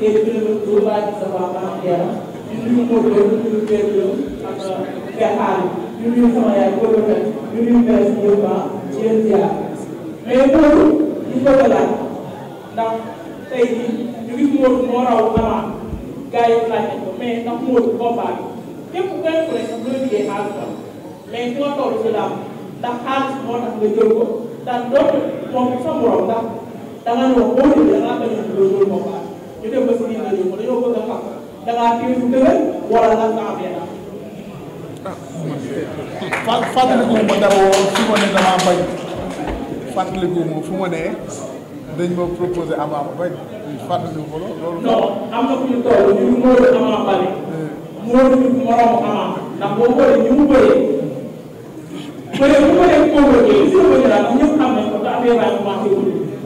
tey jërë nga góor baal di sa waa baax yàlla di nuyu Mawla di nuyu Bédé ak Gaxal di nuyu sama yaay góor la di nuyu Mbène Mawla baax di leen ziar mais loolu ñu ko ko laaj ndax tey jii ñu gis Mawla moo raw Ama gars yi laaj nañ ko mais ndax Mawla combat bi képp kenn ku ne sax doo liggéey xaalis la mais ci ma toll ci laam ndax xaalis moo tax nga jël ko ndax dootul moom sa morom ndax da nga ñëw boo jëlee da ngaa bañ a jël loolu combat ñu dem ba si biir rajo bi dañoo bëgg a xam da ngaa téye fu dëgër wala lan nga amee daal. Ah, fà fàttaliku ma dara woon fu ma ne damaa bañ fàttaliku ma fu ma ne dañ ma proposé amaa ma bañ fàttaliku ma loolu. non am na fu ñu toll ñu ngi mënul amaa bale. Eh. mënul ñu moromu amaa ndax boo bëree ñu mu bëree bëree bu bëree convoqué si bëri daal ñëpp xam nañ ko te affaire baa ngi manqué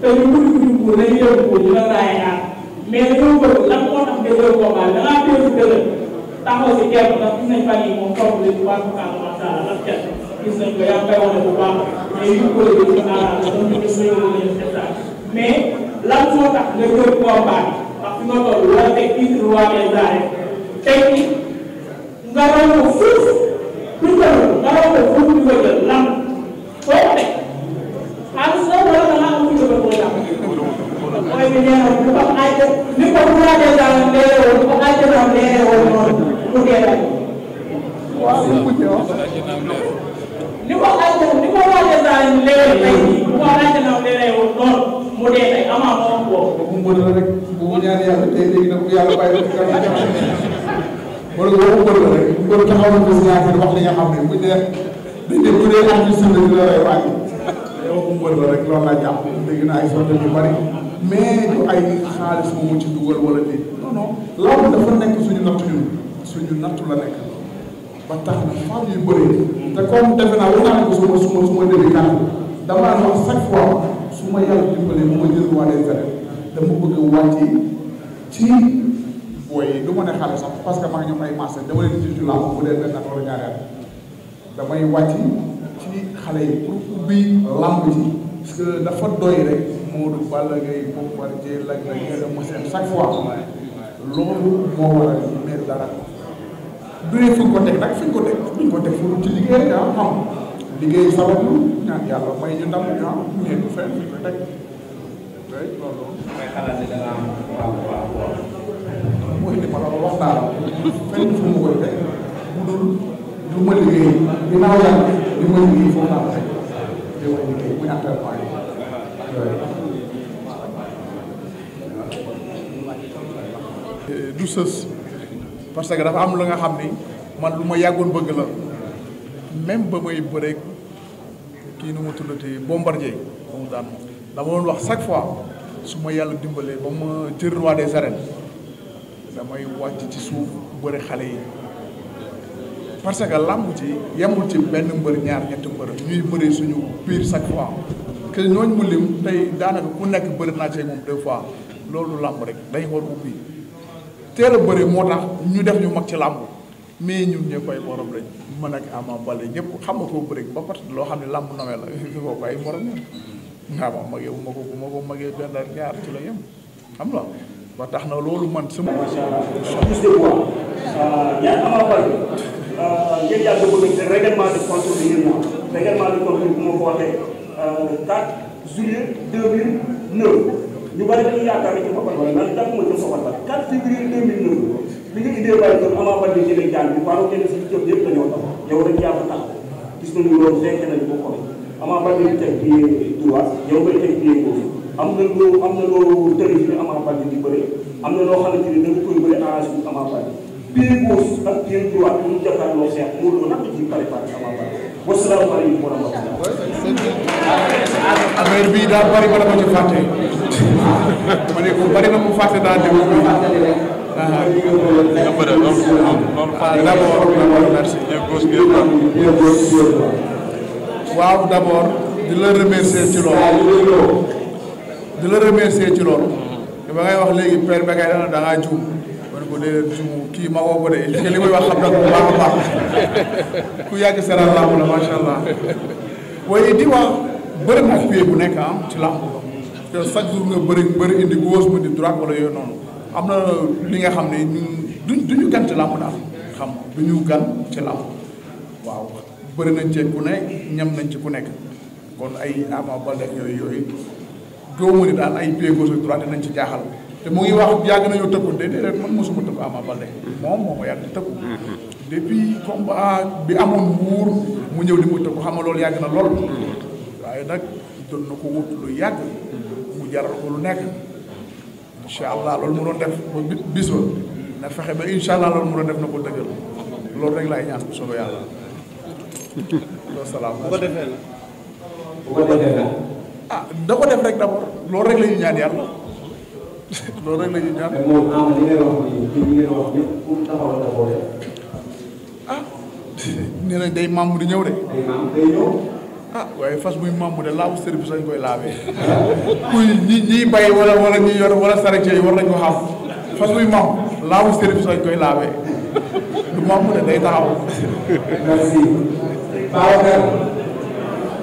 te ñu bëri ñu bëri dañuy yóbbu ko ñu la raaya mais dañoo bëgg lan moo tax déggoo combat da ngaa teel si dëgër taxaw si kenn ndax gis nañ fan yii moom toog nañ bu baax bu baax macha allah lan kenn gis nañ ko yaa ngi koy wane bu baax mais yu ko déglu ñu naan la donc ñu gis nañu la ñu def mais lan moo tax nga jël combat bi ndax fi nga toll wala teg titre roi des arènes teg nga romb ñëw lu ko ay li ko bu laajee daal leeree woon ko ay doon leeree woon noonu pour deewee. waaw li ko ay li ko laajee daal leeree tey bu ko laajee daal leeree woon noonu mu dee tey amaa moom boobu. bu mu la rek bu mu ñaanee yàlla tey léegi nag bu yàlla bàyyi ko rek. wala boobu góor la rek góor taxawal ko ñaar wax li nga xam ne bu dee dañ ne bu dee am ñu sunna dina lay wàññi yow bu mu la rek loolu laa jàpp dégg naa ay sotti yu bari mais du ay xaalis moomu ci dugal wala déet non non làmb dafa nekk suñu nattu ñun suñu nattu la nekk ba tax na femme yu bëri te comme defe naa wax naa ko suma su ma yàlla dimbalee a jël roi des arènes dama bëgg a wàcce ci booy yi du ma ne xale sax parce que maa ñoom ay marché dama leen di ci làmb bu dee benn at wala rek. Modou Balla Gaye Bombardier Lac Lac Guiers Eumeu Sène chaque fois loolu moo waral mais dara du ne fu ñu ko teg nag fu ñu ko teg fu ñu ko teg fu ci liggéey ah xam liggéey sabablu ñaan yàlla may ñu ndam ah, ñu am mais du fenn fu ñu ko teg oui loolu. mooy xalaat ne dana am waaw waaw waaw. mooy li ma la wax daal fenn fu mu koy teg mu dul lu ma liggéey ginnaaw yàlla li ma liggéey foofu laa teg te wala liggéey muy entraînement yi. du sës parce que dafa am lu nga xam ni man lu ma yàggoon bëgg la même ba may bëreeg kii nu ma tuddati bombardier ba mu daan dama doon wax chaque fois su ma yàlla dimbalee ba ma jël roi des arènes damay wàcc ci suuf bëri xale yi parce que làmb ci yemul ci benn mbër ñaar ñetti mbër ñuy bëri suñu biir chaque fois que ñooñu mu lim tey daanaka ku nekk bëri naa ci moom deux fois loolu làmb rek dañ war ubbi teel a bëri moo tax ñu def ñu mag ci làmb mais ñun ñëpp ay morom lañ man ak Ama Baldé ñëpp xam nga koo bëri ba pare loo xam ne làmb nawee la foofu ay morom lañ waaw ma magee bu ma ko magee benn ñaar ci la yem xam nga ba tax na loolu man sama. macha allah plus de poids. ñaar Ama Baldé ngeen yàgg bëgg règlement de compte bi ngeen moom règlement de ma ko waxee 4 juillet 2009. ñu bari dañuy yaakaar ne ci Fapal wala naan jàpp ma ci sa Fapal 4 février 2009 li nga indee bàyyi ko Ama Baldé ci lay jàng bi waaw kenn si jot yëpp dañoo tax yow rek yaa ko o gis nañu loolu fekk nañ ko xool Ama Baldé di teg pied droit yow ngay teg pied gauche am na loo am na loo a fi Ama Baldé di bëri am na loo xamante ni da nga koy bëri arrangé Ama Baldé bigos affaire bi daal bari ba dama ci fàtte. ma ne ko bari na mu fàtte daal dem. waaw di la remercier ci loolu. di la remercier ci loolu. ba ngay wax léegi père Bakay dana da ngaa juum. ne ko léeg-léeg kii ma woo ko de li li muy wax xam na ko bu baax a ku yàgg Sénégal làmb la macha allah waaye di wax bëri na appui bu nekk ah ci làmb te chaque nga bëri bëri indi gauche mu di droite wala yooyu noonu am na li nga xam ne ñun duñ duñu gan ci làmb daal xam duñu gan ci làmb waaw bëri nañ ci ku nekk ñam nañ ci ku nekk kon ay Ama Baldé yooyu yooyu doomu ni daal ay pied gauche ak droite nañ ci jaaxal. te mu ngi wax yàgg nañoo tëggu déedéet man mosuma tëggu Ama Baldé moom moo ma yàgg tëggu depuis combat bi amoon wuur mu ñëw di mu tëggu xam nga loolu yàgg na lool waaye nag doon na ko wut lu yàgg mu jaral ko loolu mu doon def ba bis ba na fexe ba incha loolu mu doon def na ko dëggal loolu rek laay ñaan bu soobee yàlla wa salaam bu ko defee ko defee ah, loolu rek la ñu ñaan yàlla loolu rek la ñuy ñaan. mais moom Ama li ngay ah nee nañ day membre di ñëw de. day membre day ñëw. ah waaye fas muy membre de ñi bay wala wala ñiy yor wala sareet yi war nañ ko xam fas muy membre laabu service lañ koy laabee du membre de day taxaw.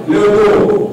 merci.